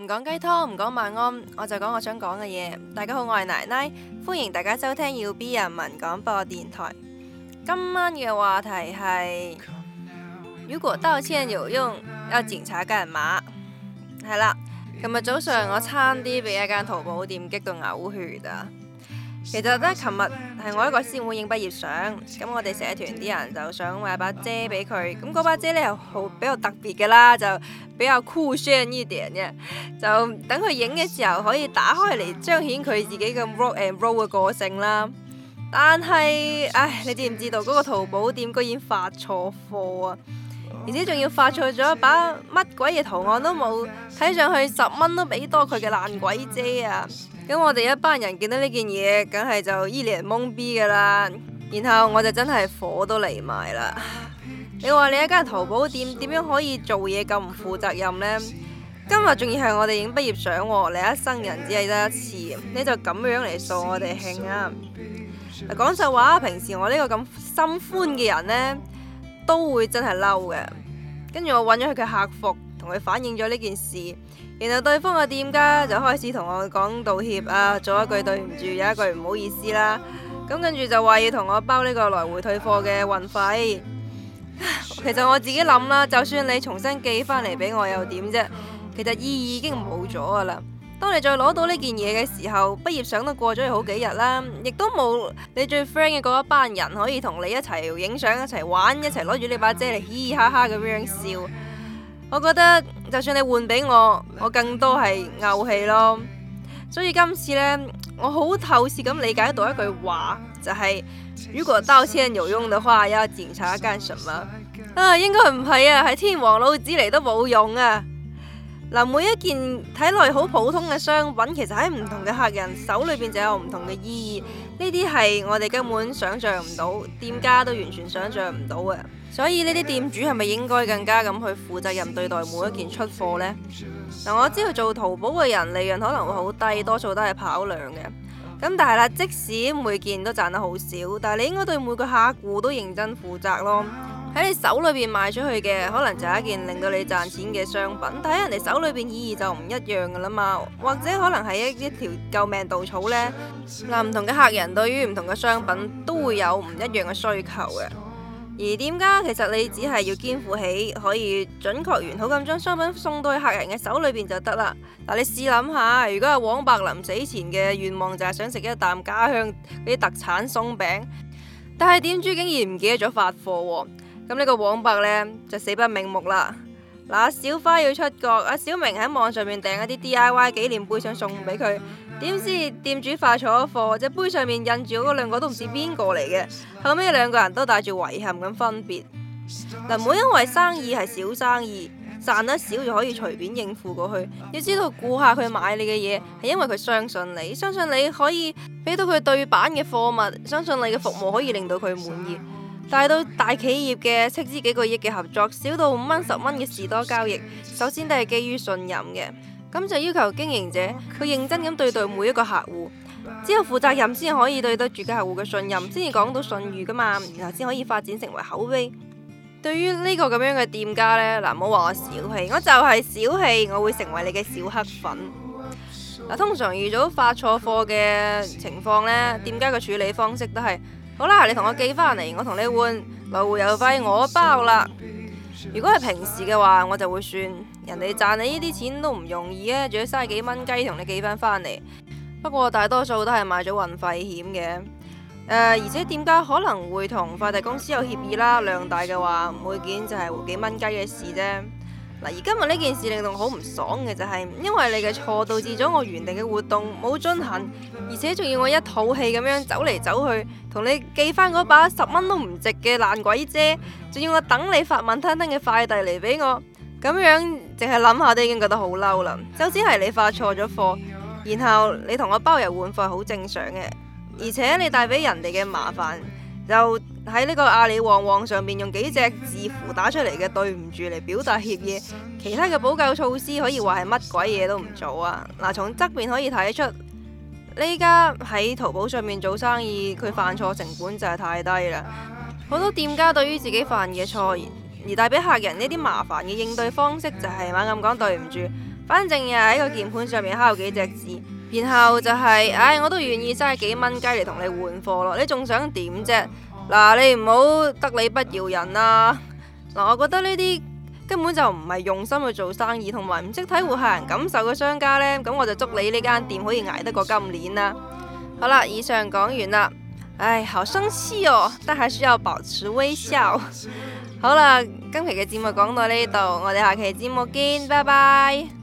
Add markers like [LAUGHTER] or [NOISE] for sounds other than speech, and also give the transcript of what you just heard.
唔講雞湯，唔講晚安，我就講我想講嘅嘢。大家好，我係奶奶，歡迎大家收聽要 B 人民廣播電台。今晚嘅話題係如果道歉有用，要警察幹嘛。係、嗯、啦，琴日早上我差啲俾一間淘寶店激到嘔血啊！其實咧，琴日係我一個師妹影畢業相，咁我哋社團啲人就想買一把遮俾佢，咁嗰把遮咧又好比較特別嘅啦，就比較 cool share 呢啲嘅。就等佢影嘅時候可以打開嚟彰顯佢自己嘅 rock and roll 嘅個性啦。但係，唉，你知唔知道嗰個淘寶店居然發錯貨啊？而且仲要發錯咗，把乜鬼嘢圖案都冇，睇上去十蚊都俾多佢嘅爛鬼遮啊！咁我哋一班人見到呢件嘢，梗係就一臉懵逼噶啦。然後我就真係火都嚟埋啦。你話你一間淘寶店點樣可以做嘢咁唔負責任呢？今日仲要係我哋影畢業相啊，你一生人只係得一次，你就咁樣嚟掃我哋興啊！講實話，平時我呢個咁心寬嘅人呢，都會真係嬲嘅。跟住我揾咗佢嘅客服。同佢反映咗呢件事，然後對方個店家就開始同我講道歉啊，做一句對唔住，有一句唔好意思啦。咁、啊、跟住就話要同我包呢個來回退貨嘅運費。 [LAUGHS] 其實我自己諗啦，就算你重新寄翻嚟俾我又點啫？其實意義已經冇咗噶啦。當你再攞到呢件嘢嘅時候，畢業相都過咗去好幾日啦，亦都冇你最 friend 嘅嗰一班人可以同你一齊影相、一齊玩、一齊攞住呢把遮嚟嘻嘻哈哈咁樣笑。我覺得就算你換俾我，我更多係嘔氣咯。所以今次呢，我好透視咁理解到一句話，就係、是、如果道歉有用的話，要警察幹什麼？啊，應該唔係啊，係天王老子嚟都冇用啊！嗱、啊，每一件睇落好普通嘅商品，其實喺唔同嘅客人手裏邊就有唔同嘅意義。呢啲係我哋根本想象唔到，店家都完全想象唔到嘅。所以呢啲店主係咪應該更加咁去負責任對待每一件出貨呢？嗱，我知道做淘寶嘅人利潤可能會好低，多數都係跑量嘅。咁但係啦，即使每件都賺得好少，但係你應該對每個客戶都認真負責咯。喺你手裏邊賣出去嘅，可能就係一件令到你賺錢嘅商品，但係人哋手裏邊意義就唔一樣噶啦嘛。或者可能係一一條救命稻草咧。嗱，唔同嘅客人對於唔同嘅商品都會有唔一樣嘅需求嘅。而點解其實你只係要肩負起可以準確完好咁將商品送到去客人嘅手裏邊就得啦？嗱，你試諗下，如果阿黃伯臨死前嘅願望就係想食一啖家鄉嗰啲特產鬆餅，但係店主竟然唔記得咗發貨喎，咁呢個黃伯呢，就死不瞑目啦。嗱，小花要出國，阿小明喺網上面訂一啲 D I Y 紀念杯想送俾佢。點知店主發錯咗貨，隻杯上面印住嗰兩個都唔知邊個嚟嘅。後尾兩個人都帶住遺憾咁分別。嗱，唔好因為生意係小生意，賺得少就可以隨便應付過去。要知道顧客佢買你嘅嘢係因為佢相信你，相信你可以俾到佢對版嘅貨物，相信你嘅服務可以令到佢滿意。大到大企業嘅斥資幾個億嘅合作，少到五蚊十蚊嘅士多交易，首先都係基於信任嘅。咁就要求經營者佢認真咁對待每一個客戶，只有負責任先可以對得住個客戶嘅信任，先至講到信譽噶嘛，然後先可以發展成為口碑。對於呢個咁樣嘅店家呢，嗱，唔好話我小氣，我就係小氣，我會成為你嘅小黑粉。嗱，通常遇到發錯貨嘅情況呢，店家嘅處理方式都係，好啦，你同我寄返嚟，我同你換，來回郵費我包啦。如果係平時嘅話，我就會算人哋賺你呢啲錢都唔容易咧，仲要嘥幾蚊雞同你寄翻返嚟。不過大多數都係買咗運費險嘅，誒，而且店家可能會同快遞公司有協議啦，量大嘅話，每件就係幾蚊雞嘅事啫。而今日呢件事令到我好唔爽嘅就係、是，因為你嘅錯導致咗我原定嘅活動冇進行，而且仲要我一肚氣咁樣走嚟走去，同你寄翻嗰把十蚊都唔值嘅爛鬼遮，仲要我等你發慢吞吞嘅快遞嚟俾我，咁樣淨係諗下都已經覺得好嬲啦。首先係你發錯咗貨，然後你同我包郵換貨係好正常嘅，而且你帶俾人哋嘅麻煩就。喺呢個阿里旺旺上面，用幾隻字符打出嚟嘅對唔住嚟表達歉意，其他嘅補救措施可以話係乜鬼嘢都唔做啊！嗱、啊，從側面可以睇得出，呢家喺淘寶上面做生意，佢犯錯成本就係太低啦。好多店家對於自己犯嘅錯而帶俾客人呢啲麻煩嘅應對方式就係猛咁講對唔住，反正又喺個鍵盤上面敲幾隻字，然後就係、是、唉、哎，我都願意嘥幾蚊雞嚟同你換貨咯，你仲想點啫？嗱，你唔好得理不饒人啦！嗱，我覺得呢啲根本就唔係用心去做生意，同埋唔識體會客人感受嘅商家呢。咁我就祝你呢間店可以捱得過今年啦！好啦，以上講完啦，唉，好生氣哦，但係需要保持微笑。 [LAUGHS] 好啦，今期嘅節目講到呢度，我哋下期節目見，拜拜。